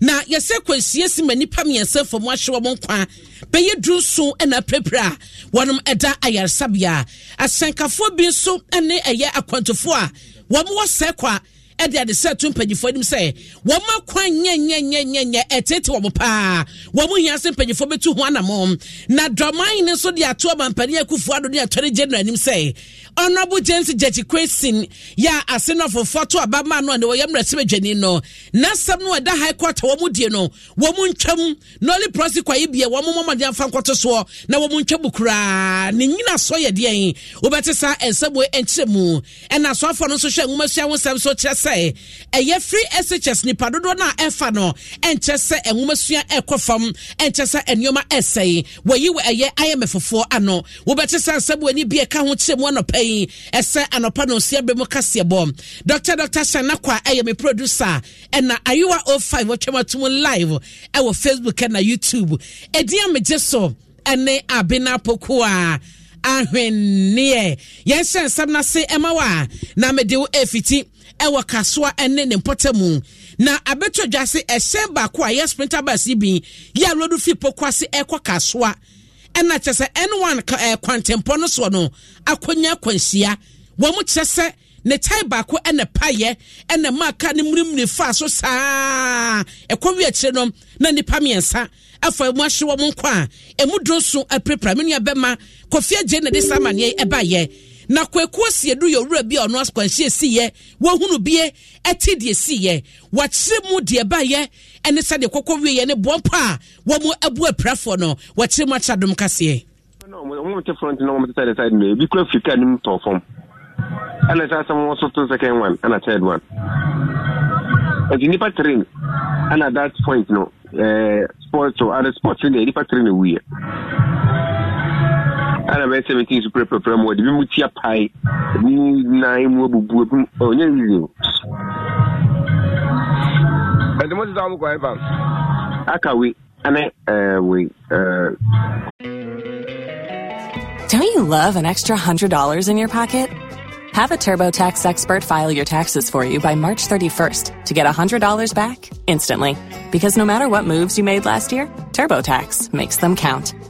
na yɛsɛ kwasie si ma nnipa mmiɛnsa fam ahye wɔ mo nkwa bɛyɛ duru so na apirapira a wɔnom ɛda ayaresabea asɛnkafoɔ bi nso ne ɛyɛ akwantufoɔ a wɔn wɔ sɛkwa ɛde ade sɛ to mpanyinfoɔ anim sɛ wɔn akwan nyɛnyɛnyɛnyɛ ɛtete wɔn paa wɔn hia sɛ mpanyinfoɔ bɛtu ho anamɔ na draman ne nso de ato ɔma mpanyin akufo ado ne atɔre general anim sɛ honourable james jɛji kwesin yɛ ase no afofoɔ to abamaa no a ne wɔyɛ mmerɛsɛm adwani no n'asɛm no ɛda high court a wɔn die no wɔn ntwam na ɔle prɔsikwa yi bie wɔn mɔmɔden afa nkɔto eh. soɔ na wɔn ntwam koraa ne nyina sɔ yɛ deɛn wɔbɛte saa eh, eh, nsɛm wɔ nkyɛn mu ɛna asɔfoɔ no nso hwɛ nwoma sua ho nsɛm so kyerɛ sɛ fɛ ɛyɛ free shs nipa dodoɔ no a ɛfa no ɛnkyɛ sɛ ɛnwoma sua ɛkɔ fam ɛnkyɛ sɛ nneɛma ɛsɛe wɔyi wɔ ɛyɛ imf foɔ ano wobɛte sɛ nsɛm w'ani bi ɛka ho kyerɛ mu anɔpa yi ɛsɛ anɔpa no nsia bɛ mu kaseɛbɔ dr dr shana kwa ɛyɛ me producer ɛna ayewa 05 wɔtwam atom live ɛwɔ facebook ɛna youtube ɛdin a megye so ɛne abena poko a ahwenneɛ yɛnhyɛ nsɛm no ɛma wo a na mede wo ɛfiti ɛwɔ kasoa ɛne ne mpɔtɛ mu na abɛtɔ dwa se ɛhyɛn baako a yɛ bus yi bi yɛ alodo fi pokua se ɛkɔ kasoa ɛna kyerɛ sɛ ɛne ɛɛ kwantempɔ no soɔ no akɔnya akɔnhyia wɔn mo kyerɛ sɛ ne tae baako ɛna payɛ ɛna maaka ne mmirimiri fa so saa ɛkɔ wi akyire no na nipa mmiɛnsa afa mu ahyew wɔn nkɔ a ɛmu do so apirapira me nua bɛma kofi agye na de saa amaneɛ ɛbaayɛ na kwaku asiedu yɛ owura bi a ɔno akwanhyia esiyɛ wɔhunu bie ɛte deɛ esiyɛ wɔkyerɛ mu deɛ bayɛ ɛne sɛdeɛ kɔkɔ wie yɛ ne bɔmpa a wɔn abu apirafoɔ no wɔkyerɛ mu akyerɛ dom kaseɛ. wɔn te front na wɔn te side side na ebi kura firi kaa nim tɔ fam ɛna sɛ asɛm wɔn so to second one ɛna third one ɛti nipa train ɛna that point no ɛɛ eh, sports o ada sports ne nipa train ewuiɛ. ana bɛyɛ sɛ mɛtumi so mu wɔde bi mu tia pae mu nan mu abubu mu ɔnyɛ o. Eh, mo aka we ɛɛ eh, we ɛɛ. Eh. Don't you love an extra $100 in your pocket? Have a TurboTax expert file your taxes for you by March 31st to get $100 back instantly. Because no matter what moves you made last year, TurboTax makes them count.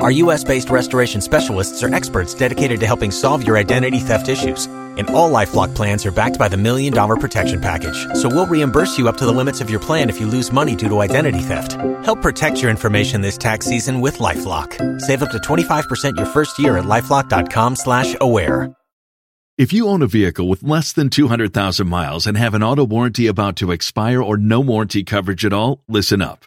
Our U.S. based restoration specialists are experts dedicated to helping solve your identity theft issues. And all Lifelock plans are backed by the Million Dollar Protection Package. So we'll reimburse you up to the limits of your plan if you lose money due to identity theft. Help protect your information this tax season with LifeLock. Save up to 25% your first year at LifeLock.com slash aware. If you own a vehicle with less than 200,000 miles and have an auto warranty about to expire or no warranty coverage at all, listen up.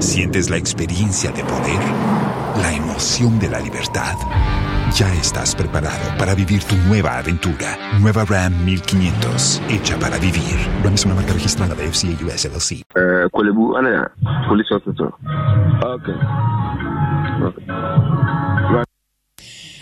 ¿Sientes la experiencia de poder? ¿La emoción de la libertad? Ya estás preparado para vivir tu nueva aventura. Nueva Ram 1500, hecha para vivir. Ram es una marca registrada de FCA US LLC. Kulebu ana police officer. Okay.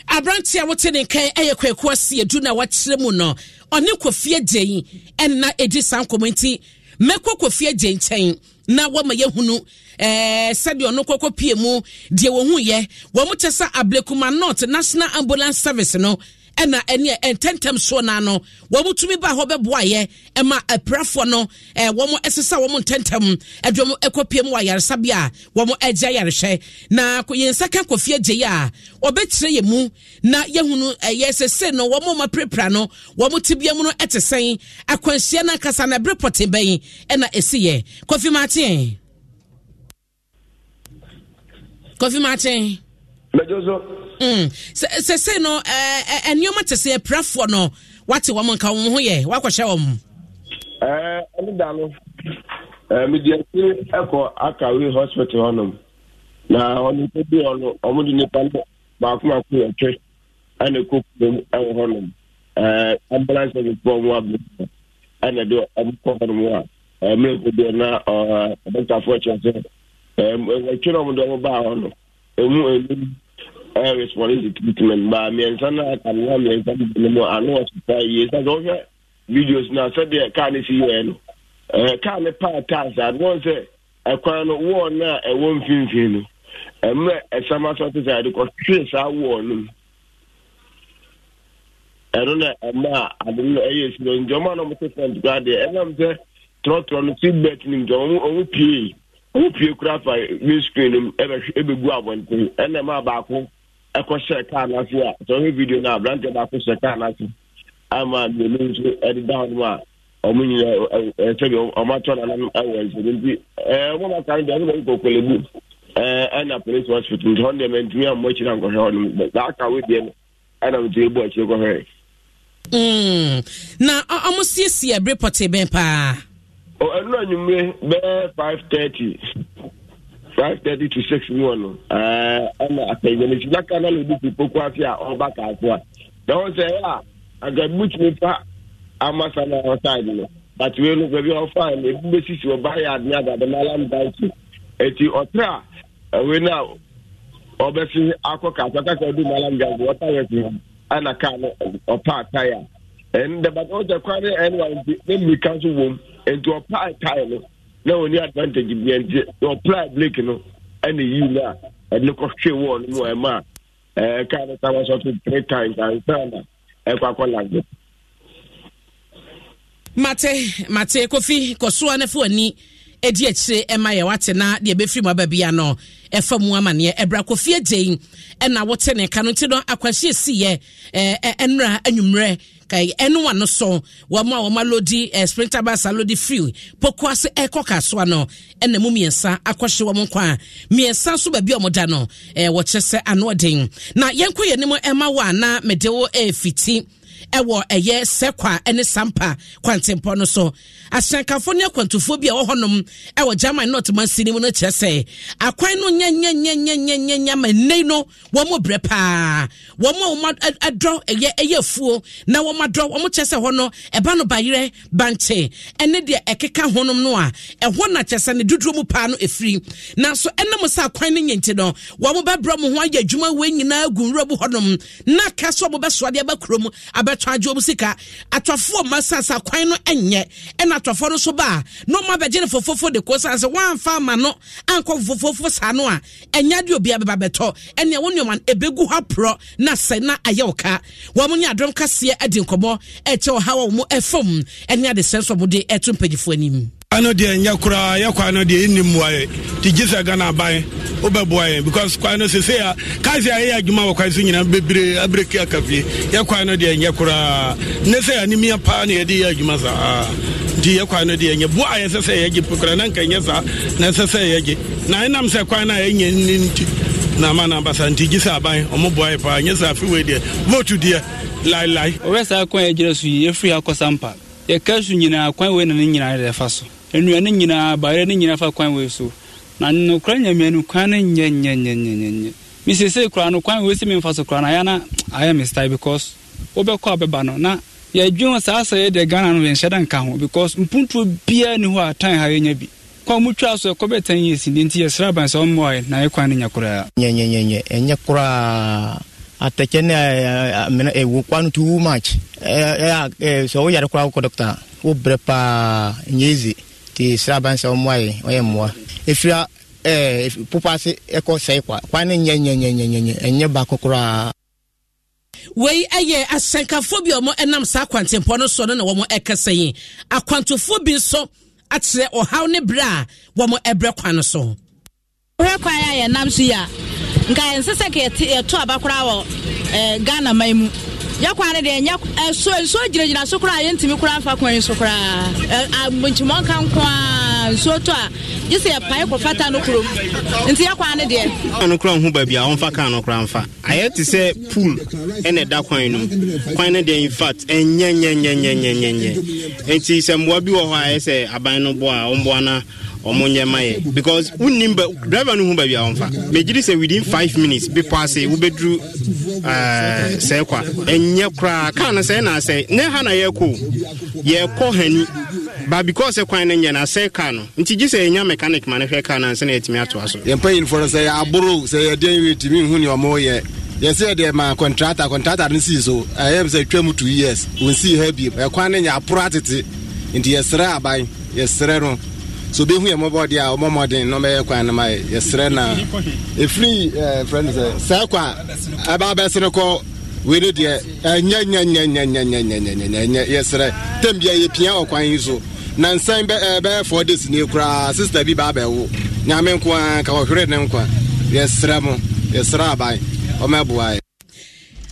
Aberanteɛ a wote ne nkan yɛ kwakuo si edu na wakyerɛ mu no ɔne kofie gye yi ɛnna edi saa nkɔmɔ nti mɛkɔ kofi agye nkyɛn na wɔma yɛhunu ɛɛ eh, sɛdeɛ ɔno kɔkɔ pie mu deɛ wɔn yɛ wɔn kyɛ sɛ ablekumannot national ambulance service no ɛna ɛneɛ ntɛntɛm soɔ no no tumi ba hɔ bɛboayɛ ɛma apirafoɔ no wɔm ɛsesa wɔm ntɛntɛm adwam ɛkɔpie mu wɔ ayaresabea a wɔm yarehwɛ na yɛn nsa ka kɔfie gye yɛ a ɔbɛkyerɛ yɛ mu na yɛhunu ɛyɛ sese no wɔn ma pirapira no wɔn ti bia mu no ɛte sɛn akwanhyia no ankasa na ɛbere pɔte bɛn ɛna ɛsi yɛ kɔfi martin kɔfi martin. mɛjɔ so. sese mm. nọ no eh, eh, eh, nneɔma te sɛ apirafoɔ no wate wɔm nka wɔn ho yɛ wakɔhyɛ wɔn. ɛne da no mede asi kɔ akawe hospital hɔnom na ɔnipa bi ɔno ɔmode nnipa no baako ɛwɔ hɔnom ambulance hɔnom a na sɛ ɛmu ɛyɛ response to treatment ba mmiɛnsa no akanewa mmiɛnsa no bi mu ano ɔsesa yie sɛ sɛ wohwɛ videos na sɛdeɛ kaa no si yɛɛ no ɛɛ kaa no paa taas a wɔn sɛ ɛkwan no wɔn na ɛwɔ mfimfini no ɛmɛ ɛsɛm asɔte sɛ ɛde kɔtwe saa wɔn no mu ɛno na ɛma a ade no ɛyɛ suro ndzɔma na ɔmote front koraa deɛ ɛnam sɛ trɔtrɔ no seat belt no mu ndzɔma ɔmo pie ɔmo pie koraa fa windscreen no mu ɛbɛgu abɔnten ɛna ɛma baako ɛkɔhyɛ kaa no ase a sɛ video no aberanteɛ baako hyɛ kaa no ama mmienu nso ɛde da hɔ a ɔmo nyina sɛbi ɔmo atɔ nanam ɛwɔ nsɛm nti ɔmo ma kaa no deɛ ɔmo kɔkɔlɛbu ɛna police hospital nti hɔn deɛ mɛntumi ammɔ akyiri ankɔhwɛ hɔ nom saa aka wo no ɛna mɛntumi ebu akyiri kɔhwɛ mm. na ɔmo siesie ɛbere pɔtee bɛn paa. ɛnu anwumire bɛɛ five thirty. five thirty to six mu ɔno ɛna n'aka na lodi ti poku ase a ɔba kaako a na wɔn sɛ ɛyɛ a fa na ɔsaade no batiwe no baabi a ɔfa no ebi besi si ɔba yɛ adi adada na alam eti ɔtɛ a ɛwɛ akɔ kaako na alam ɔta yɛ ɛna kaa no ɔpa ataya ɛn kwan ne nso wɔm ataya no. na oni advantage bi nti na ɔpla blake no ɛna yi no a ɛde kɔhwe wall no mu a ɛma a ɛɛ kaa no tawa so to three times ansa na ɛkɔ akɔ lagos. mate mate kofi kɔsoa no fa w'ani ɛdi akyire ɛma yɛ wate na deɛ ɛbɛfiri mu aba bia no ɛfa mu amanneɛ ɛbra kofi agye yi ɛna wote ne ka no nti no akwahyɛ si yɛ eh, eh, anwummerɛ ɛnua no so wɔn a wɔn alodi ɛ eh, sprinter bus alodi free poku ase ɛkɔ eh, kasoa no ɛna mu mmiɛnsa akɔhyɛ wɔn nkwa a mmiɛnsa nso baabi a wɔn da no ɛɛ eh, wɔkyɛ sɛ anoɔden na yɛn kɔ yɛn anim ɛma wɔ a mɛde wɔ ɛɛfiti ɛwɔ ɛyɛ sɛkwa ɛne sampa kwantempɔ no so asankafoɔ ne akwantufoɔ bi a ɛwɔ hɔnom ɛwɔ german north mansi no mu no kyerɛ sɛ akwan no nyanyanyanyanyanya ma nnei no wɔn mo brɛ paa wɔn a wɔn adɔ ɛyɛ ɛyɛ afuo na wɔn adɔ wɔn kyerɛ sɛ hɔ no ɛba no bayerɛ bankye ɛne deɛ ɛkeka hɔnom no a ɛhɔ na kyerɛ sɛ ne dodoɔ mu paa no ɛfiri nanso ɛnam sɛ akwan no nyinti no wɔn bɛbrɛ mo ho ayɛ adwuma wei nyinaa gu nwura mu hɔnom na aka so wɔn bɛsoadeɛ bɛ kurom abɛ bɛtɔ adwo mu sika atwafoɔ ma sansa kwan no nyɛ ɛna atwafoɔ no so ba a na ɔmo abɛgye ne fofofo de ko san sɛ wɔamfa ama no ankɔ fofofo saa no a ɛnya de obi abɛba bɛtɔ ɛnea wɔn nneɛma no ebegu ha porɔ na sɛ na ayɛ ɔka wɔn ne adɔm kaseɛ adi nkɔmɔ ɛkyɛ ɔha wɔn ɛfam ɛne adesɛn so wɔde ɛto mpanyinfoɔ anim. ano deɛ nyɛ koraa yɛ kwa no deɛ ɛnni mmoa yɛ nti gye sɛ ghana aban wobɛboa yɛn because kwa no sesei a kase a ɛyɛ adwuma wɔ kwan so nyinaa bebree abreki aka fie yɛ kwan no deɛ nyɛ koraa nnɛ sɛ anemia paa na yɛde yɛ adwuma saa nti yɛ kwa no deɛ nyɛ boa a yɛsɛ sɛ yɛgye pokora na nka nyɛ saa na ɛsɛ sɛ yɛgye na ɛnam sɛ kwan no a ɛnyɛ nni nti na ama na abasa nti gye sɛ aban ɔmo boa yɛ paa nyɛ sɛ afewei deɛ vote deɛ laelae ɔwɛ saa kwan yɛgyina so yi yɛfiri mpa yɛka so nyinaa kwan wei na ne nyinaa yɛdɛfa so nnuane nyinaa baare ne nyinaa fa kwan wei so na nokora nyamianu kwan no nyɛ nyɛnyɛnyɛnyɛ mesesei koraa no kwan wei si memfa so koraa no ayɛ na ayɛ mestae because wobɛkɔ a bɛba no na yɛdwen saa sɛ yɛdeɛ ghana no yɛnhyɛ da nka ho because mpuntuo biaa ni hɔ a tan ha yɛnya bi kwan mutwa so ɛkɔ bɛtan yɛ si nti yɛsrɛ aban sɛ ɔmmoaɛ na yɛ kwan no nya koraa nyɛnyɛnyɛnyɛ ɛnyɛ koraa atɛkyɛ ne ɛwo kwa no too much sɛ woyare koraa wokɔ dɔctor wobrɛ paa nyɛ easy nti sra sɛ ɔmmoa yɛ ɔyɛ mmoa ɛfira popɔ ase ɛkɔ sɛe kwa kwa ne nyɛ nyɛnyɛnyɛnyɛ ɛnyɛ baako koraa wei asɛnkafoɔ bi a saa akwantempɔ no no na wɔn ɛkasa yi akwantofoɔ bi nso akyerɛ ɔhaw ne berɛ a wɔn kwan no so. kwan a yɛnam so yi a nka yɛn sɛ sɛ yɛto abakora wɔ ghana mu yɛkwa ne deɛ ɛnyɛ ɛso eh, nsuo gyinagyina so koraa yɛntumi koraa mfa kwan so koraa eh, ah, nkyimɔ nka nko a nsuo tɔ a gye sɛ yɛpae kɔfa ta no kurom nti yɛkwan ne deɛ no kora nhu baabi a ɔmfa kaa no kora mfa ayɛ te sɛ pool ɛna ɛda kwan no mu kwan no deɛ infact ɛnyɛnyɛnyɛnyɛnyɛnyɛ nti sɛ mmoa bi wɔ hɔ a ɛyɛ sɛ aban no boa a ɔmboa no ɔmo nyɛ ma yɛ because wonim bɛ driver no hu baabi a ɔmfa megyere sɛ within five minutes bepɔ ase wobɛduru uh, sɛ kwa ɛnyɛ koraa kaa no sɛ ɛna asɛ ne ha na yɛkɔ yɛkɔ hani ba because kwan no nyɛ na sɛ ka no nti gye sɛ ɛnya mechanic ma no hwɛ ka no ansɛ na yɛatumi atoa so yɛmpa yinfoɔ no sɛ yɛaboro sɛ yɛdeɛ yɛtumi nhu ne ɔmɔyɛ yɛsɛ yɛde ma contractor contractor no sii so ɛyɛm sɛ twa mu 2 years wɔnsii ha biem ɛkwan no nyɛ aporo atete nti yɛserɛ aban yɛserɛ no so bɛhu yɛ mɔbɔ deɛ a ɔmɔmɔden na ɔmɛyɛ kwan no ma yɛserɛ na ɛfiri frɛ no sɛ sɛ a ɛba bɛsene kɔ wene deɛ ɛnyɛ nyɛ nyɛ nyɛ nyɛ nyɛ nyɛ nyɛ nyɛ yɛserɛ tam bia yɛpia ɔkwan yi so na nsan eh, bɛyɛ four days nie koraa sista bi baa bɛwo nyame nko a ka ɔhwere ne nkwa yɛsrɛ mo yɛsrɛ aban ɔmɛboa yɛ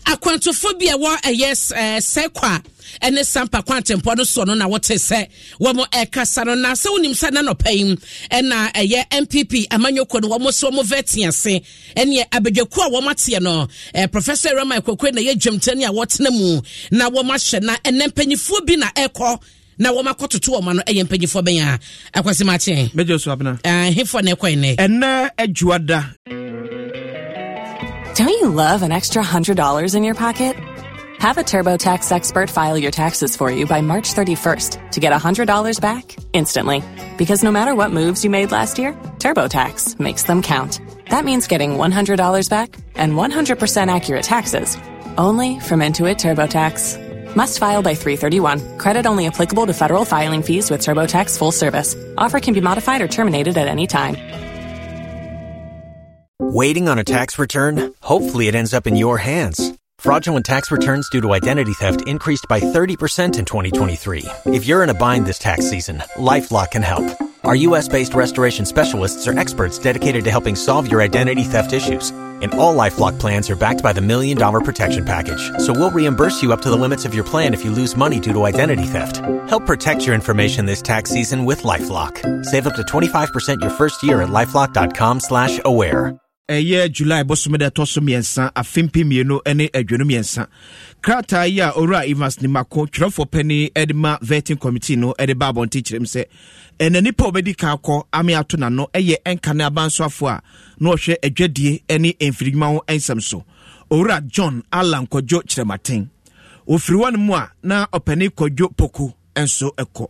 akwantofo bi a wɔ ɛyɛ sɛkɔ a ɛne sampa kwantempɔ no soɔ no na wɔte sɛ wɔn ɛkasa no na sɛ wɔnim sɛ nanɔpɛ yi ɛna ɛyɛ npp amanyɔkɔ no wɔn sɛ wɔn vɛti ase ɛneɛ abadwaku a wɔn ateɛ no ɛɛ eh, professor rama ekokore na ɛyɛ dwamtani a wɔtena mu na wɔn ahyɛ na ɛnɛ mpanyinfoɔ bi na ɛkɔ na wɔma kɔtoto ɔma no ɛyɛ mpanyinfoɔ bɛn a akwasi ma kyɛn. mɛjọ so abena. ahefoɔ eh, na ɛkɔ ɛnɛ. ɛnɛ adua da. don't you love an extra hundred dollars in your pocket. Have a TurboTax expert file your taxes for you by March 31st to get a $100 back instantly. Because no matter what moves you made last year, TurboTax makes them count. That means getting $100 back and 100% accurate taxes only from Intuit TurboTax. Must file by 331. Credit only applicable to federal filing fees with TurboTax full service. Offer can be modified or terminated at any time. Waiting on a tax return? Hopefully, it ends up in your hands. Fraudulent tax returns due to identity theft increased by 30% in 2023. If you're in a bind this tax season, LifeLock can help. Our U.S. based restoration specialists are experts dedicated to helping solve your identity theft issues and all LifeLock plans are backed by the Million Dollar Protection Package. So we'll reimburse you up to the limits of your plan if you lose money due to identity theft. Help protect your information this tax season with LifeLock. Save up to 25% your first year at LifeLock.com slash aware. ɛyɛ july bɔsome da ɛtɔ so mmiɛnsa afempe mmienu ne aduonu mmiɛnsa krataa yi a owura evans nimako twerɛfoɔ pɛni de ma vetting committee no de ba abɔnten kyerɛm sɛ ɛna nipa a ɔbɛdi ka akɔ ame ato n'ano yɛ nkane abansoafoɔ a na ɔhwɛ adwadie ne mfirima ho nsɛm so owura john alan kwadwo kyerɛmaten ofiri hɔ mu a na ɔpani kwadwo poku nso kɔ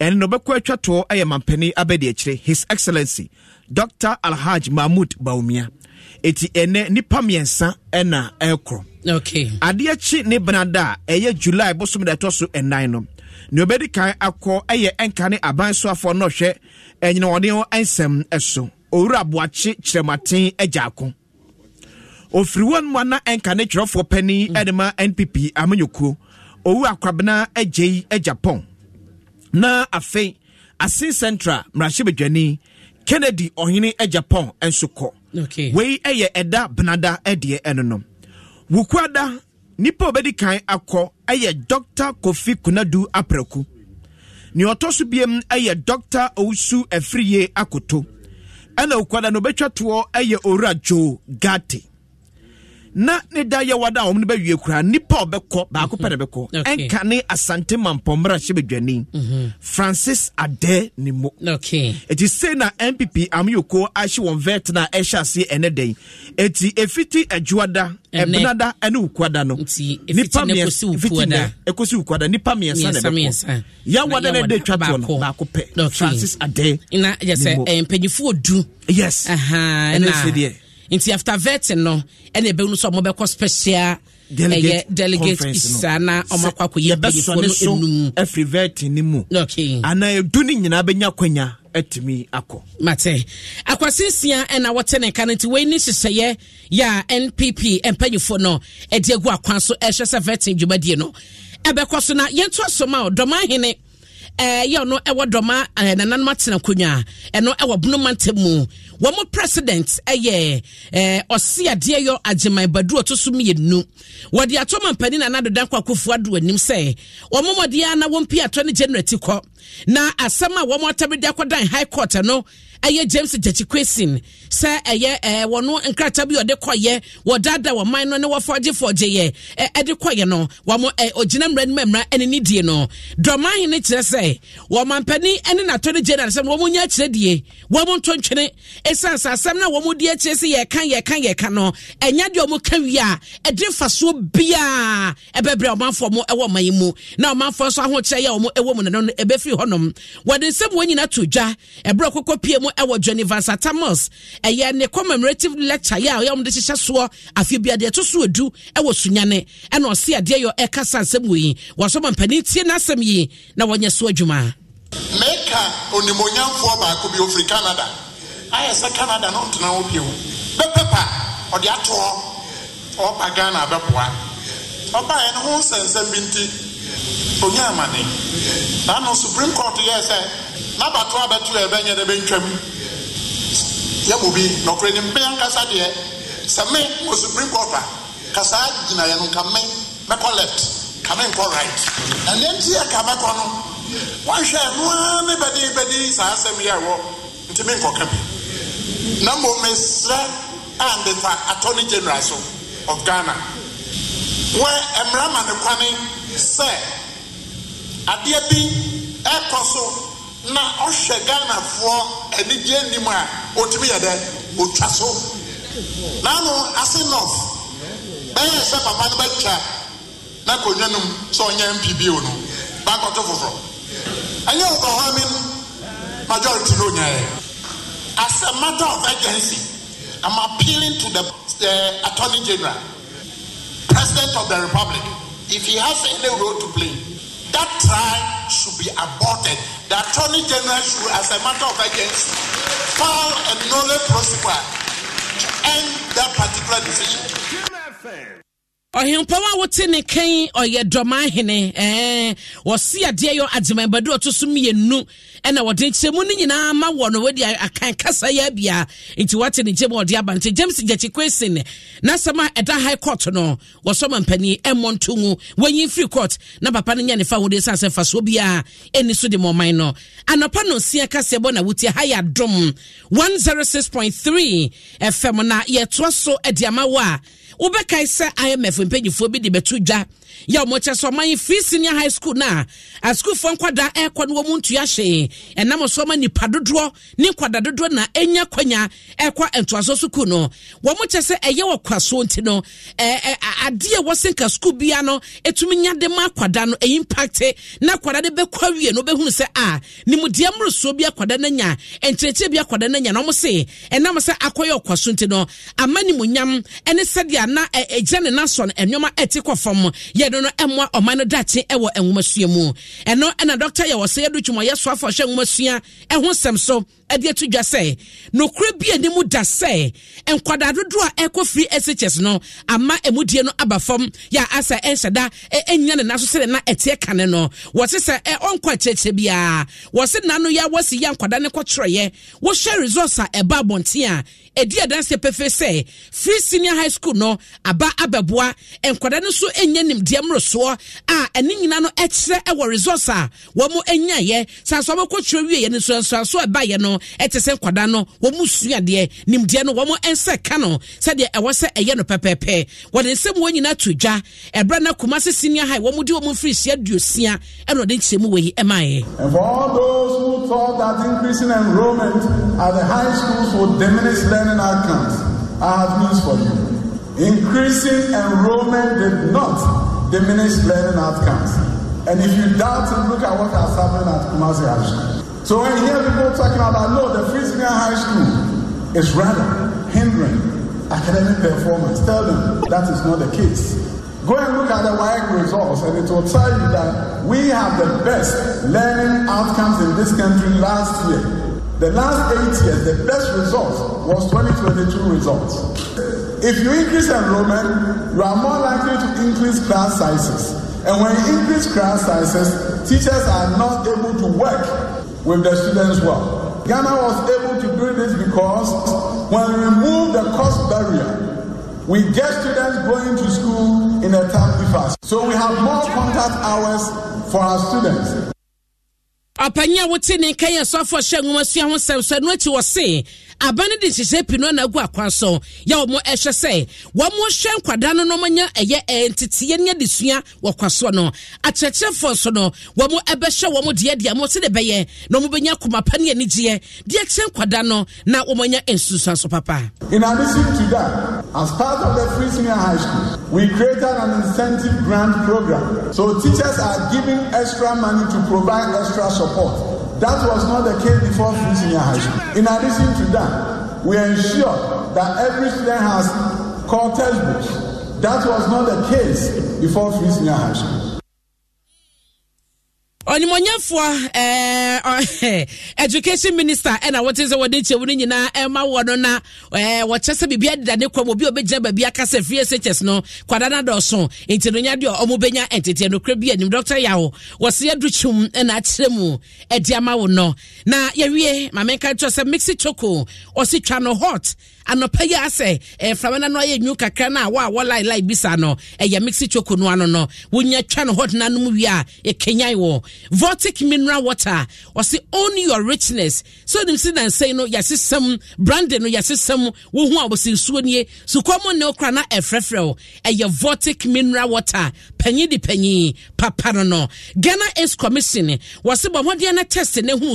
ɛne na ɔbɛkɔ atwa toɔ yɛ mampani abɛdi akyire his excellency dr alhaj mahmud baumia eti ɛnɛ nipa mmiɛnsa ɛna ɛrekɔ okay. adeɛ kyi ne benada a ɛyɛ july bosom da ɛtɔ so ɛnan no nea ɔbɛdi kan akɔ yɛ nka ne abansoafoɔ no ɔhwɛ ɛnyinawɔne nsɛm so owura aboakye kyerɛmaten agya ako ofiri wɔn mu ana nka ne twerɛfoɔ panin mm. ɛde ma npp amanyɔkuo owu akwabena agye yi agya pɔn na afei asin central mmarahyɛbadwani kennedy ɔhene agya pɔn nso kɔ wei yɛ ɛda benada deɛ ɛno no wukuada nipa obedi kan akɔ ɛyɛ dr kofi kunadu aprɛku nea ɔtɔ so biem ɛyɛ dr owusu efiriye akoto ɛna okwada na obetwa toɔ ɛyɛ owura joe gate na ne da yɛ wada a wɔn no bɛwie kura nipa ɔbɛkɔ baako pɛ bɛkɔ mm-hmm. ɛnka ne asante mampɔmra hyɛ badwani mm-hmm. francis adɛ ne mo eti sei na npp amuyoko ahye wɔn vet na ɛhyɛ aseɛ ɛnɛ dɛn eti efiti adwuada ɛbunada ɛne ukuada no nipa mmiɛnsa efiti nɛ ekosi ukuada nipa mmiɛnsa na bɛkɔ yawada na ɛde twa toɔ no baako pɛ francis adɛ ne na yɛsɛ mpanyinfoɔ du yes ɛna ɛna nti after vetting no ɛna ɛbɛn no so ɔmo bɛkɔ special ɛyɛ delegate isa na ɔmo akɔ akɔyɛ mpanyinfoɔ no enum ɛfiri vetting ne mu okay ana edu ne nyinaa bɛnya akɔnya ɛtumi akɔ. mate akwasinsia ɛna wɔte ne nka no nti wei ne hyehyɛeɛ yɛ a npp mpanyinfoɔ no ɛde agu akwan so ɛhyɛ sɛ vetting dwumadie no ɛbɛkɔ so na yɛnto asom a dɔm ahene ɛyɛ eh, ɔno ɛwɔ dɔma eh, nananom atena akonnwa ɛno ɛwɔ bonoma ntɛm mu wɔn mu president ɛyɛ ɛɛ eh, ɔsi adeɛ yɔ agyeman badu ɔto so mmienu wɔde ato ma mpanin nana dodan kɔ akofo ado anim sɛ wɔn mu ɔde ana wɔn mpi ato ne generate kɔ na asɛm a wɔn atabedi akɔdan high court no ɛyɛ james jackie sɛ ɛyɛ ɛɛ wɔn nkrataa bi ɔde kɔyɛ wɔdaadaa wɔn man no ne wɔfɔgyefɔgye yɛ ɛde kɔyɛ no wɔn ɛ ogyina mmerɛ no mmerɛ ɛne ne die no dɔmahin ne kyerɛ sɛ wɔn mampanin ɛne n'atɔne general sɛ wɔn nyɛ akyerɛ die wɔn nto ntwene esan sa asɛm na wɔn di akyire sɛ yɛka yɛka yɛka no ɛnya deɛ wɔn ka wia ɛde fasoɔ biaa ɛbɛbrɛ ɔmanfoɔ mo ɛwɔ na ɔmanfoɔ nso ahokyerɛ yɛ wɔn na no ɛbɛfiri hɔnom wɔde nsɛm wɔn nyinaa to ɛyɛ ne commemorative lecture yɛ a ɔyɛ ɔmde hyehyɛ soɔ afei bia deɛ ɛto so edu ɛwɔ sunyane ɛna ɔsi adeɛ yɛ ɛkasa nsɛm wɔ yi wɔsɔ ma mpanin tie n'asɛm yi na wɔnyɛ so adwuma. mɛka onimonyamfoɔ baako bi ofiri canada ayɛ sɛ canada no ntena hɔ bio bɛpɛpa ɔde ato hɔ ɔba ghana bɛboa ɔbaeɛ no ho nsɛnsɛm bi nti onya amane na no supreme court yɛ sɛ n'abatoa bɛto yɛ bɛnyɛ dɛ bɛntwam yɛ mu bi na ɔkura ne mbɛn ankasa deɛ sɛ me supreme court a kasa gyina yɛ no nka me mɛkɔ left ka me nkɔ right ɛnɛ nti aka mɛkɔ no wahwɛ ɛnoa ne bɛde bɛde saa asɛm yi ɛwɔ nti me nkɔka bi na mmom mesrɛ a mmefa atɔne general so of ghana wɔ mmara ma ne kwane sɛ adeɛ bi ɛkɔ so na ɔhwɛ ghanafoɔ anigye anim a otumi yɛ dɛ otwa so n'ano ase nɔf bɛyɛ sɛ papa no bɛtwa na konwa no sɛ ɔnyɛ mpp no bankɔto foforɔ ɛnyɛ wɔ hɔ mi majority no nyɛ as a matter of urgency i'm appealing to the uh, attorney general president of the republic if he has any role to play that trial should be aborted. The Attorney General should, as a matter of urgency, file a nolle prosequi to end that particular decision ɔhenpɔn a wote ne kan ɔyɛ dɔmahene ɛɛ wɔsi adeɛ yɛ ademabadu ɔto so mmienu ɛna wɔde nkyɛnmu no nyinaa ma wɔ no wɔde akan kasa yɛ abia nti wɔate ne nkyɛnmu ɔde aba nti james gyakye kwesin n'asɛm a ɛda high court no wɔsɔ mampanin ɛmmɔ nto mu wɔnyi free court na papa no nyɛ ne fa wɔde san sɛ fasoɔ biara ɛni so de mɔman no anɔpa no nsia kaseɛ bɔ na wotie ha yɛ adom one zero six point three ɛfɛm na yɛtoa so ɛde ama wɔ a wobɛkae sɛ imf mpanyinfoɔ bi de bɛto dwa yɛ ɔmo kyɛ sɛ ɔman free senior high school na asukuufoɔ nkwadaa ɛrekɔ no wɔn ntua hyee ɛnam so ɔma nipa dodoɔ ne nkwadaa dodoɔ na enya kwanya ɛrekɔ ntoaso sukuu no wɔn kyɛ sɛ ɛyɛ wɔ kwasoɔ nti no ɛɛ ɛ adeɛ wɔsɛn ka sukuu bia no etumi nya de ma akwadaa no ɛyi mpakte na akwadaa no bɛkɔ awie no bɛhunu sɛ a nimudeɛ mmorosoɔ bi akwadaa no nya nkyerɛkyerɛ bi akwadaa no yɛde no ɛmoa ɔman no dakye ɛwɔ nwomasua mu ɛno ɛna dɔkta yɛwɔ sɛ yɛdo dwumayɛ soafoɔ hyɛ nwomasua ɛho nsɛm so ɛde ato dwa sɛ nokorɛ bi ani mu da sɛ nkwadaa dodoɔ a ɛkɔ firi shs no ama ɛmudie no aba fam yɛ asa ɛnhyɛ da ɛnya ne na so sɛde na ɛteɛ kane no wɔse sɛ ɔnkɔ akyerɛkyerɛ biara wɔse na no yɛ wɔsi yɛ nkwadaa ne kɔkyerɛyɛ wɔhwɛ results a ɛba abɔnten a ɛdi adanseɛ pɛfɛ sɛ free senior high school no aba abɛboa nkwadaa no nso ɛnyɛ nim deɛ mmorosoɔ a ɛne nyina no kyerɛ wɔ resource a wɔn anyaeɛ saa nso wɔn akɔtwerɛ wieɛ no nsuansuanso a no te sɛ nkwadaa no wɔn mu suadeɛ nimdeɛ no wɔn nsa ka no sɛdeɛ ɛwɔ sɛ ɛyɛ no pɛpɛɛpɛ wɔde nsɛm wɔn nyinaa to dwa ɛbrɛ na Kumasi senior high wɔn de wɔn mfiri hyia duosia ɛna ɔde nkyɛnmu wɔ yi ɛmaeɛ. And for all those who thought that increasing enrollment at the high schools would diminish learning outcomes, I have news for you. Increasing enrollment did not diminished learning outcomes. And if you doubt it, look at what has happened at Kumasi High School. So when you hear people talking about, no, the free senior high school is rather hindering academic performance, tell them that is not the case. Go and look at the WIAC results, and it will tell you that we have the best learning outcomes in this country last year. The last eight years, the best results was 2022 results. If you increase enrollment, you are more likely to increase class sizes. And when you increase class sizes, teachers are not able to work with the students well. Ghana was able to do this because when we remove the cost barrier, we get students going to school in a timely fashion. So we have more contact hours for our students. ɔpanyin a ne nwoma sua ho akyi de nhyehyɛ na agu akwan so yɛ wɔn ɛhwɛ sɛ wɔn nkwadaa no na wɔnya ɛyɛ ɛnteteɛ ne adesua wɔ no akyerɛkyerɛfoɔ no wɔn ɛbɛhyɛ wɔn deɛ deɛ wɔn de bɛyɛ na wɔn bɛnya anigyeɛ deɛ nkwadaa no na wɔn nsusuan so papa. in addition to that as part of the free senior high school we created an incentive grant program so teachers are given extra money to provide extra support. support. That was not the case before Free Senior High School. In addition to that, we ensure that every student has core textbooks. That was not the case before Free Senior High School onimonyɛfoɔ eh, education minister ɛna eh, wɔte sɛ wɔde nkyɛmu no nyinaa ɛma eh, wɔ no na eh, wɔkyɛ sɛ biribia deda ne kɔm obi ɔbɛgyina baabi aka sɛ free sechers no kwada no adɔɔso enti no nya deɛ ɔmo bɛnya ɛntete nokorɛ bi anim dɔctor yawo wɔse adu twom ɛna akyerɛ mu adi ama wo no na yɛwie ma menka ntoɔ sɛ mixi choko ɔse twa no hot anɔpa yi asɛ ɛframa na no ayɛ nwu kakra no a wa a lai bisa no ɛyɛ mixi choko no ano no wonya twa no hot nanu nom wie a ɛkanyan wɔ vortic mineral water ɔse own your richness so nim si nansɛi no yɛasesɛm brande no yɛasesɛm wohu a wɔsi nsuo nie sukɔ mu ne okra na ɛfrɛfrɛ wo ɛyɛ vortic mineral water panyin di panyin papa no no ghana ace commission wɔse bɔ mmɔdeɛ na test ne ho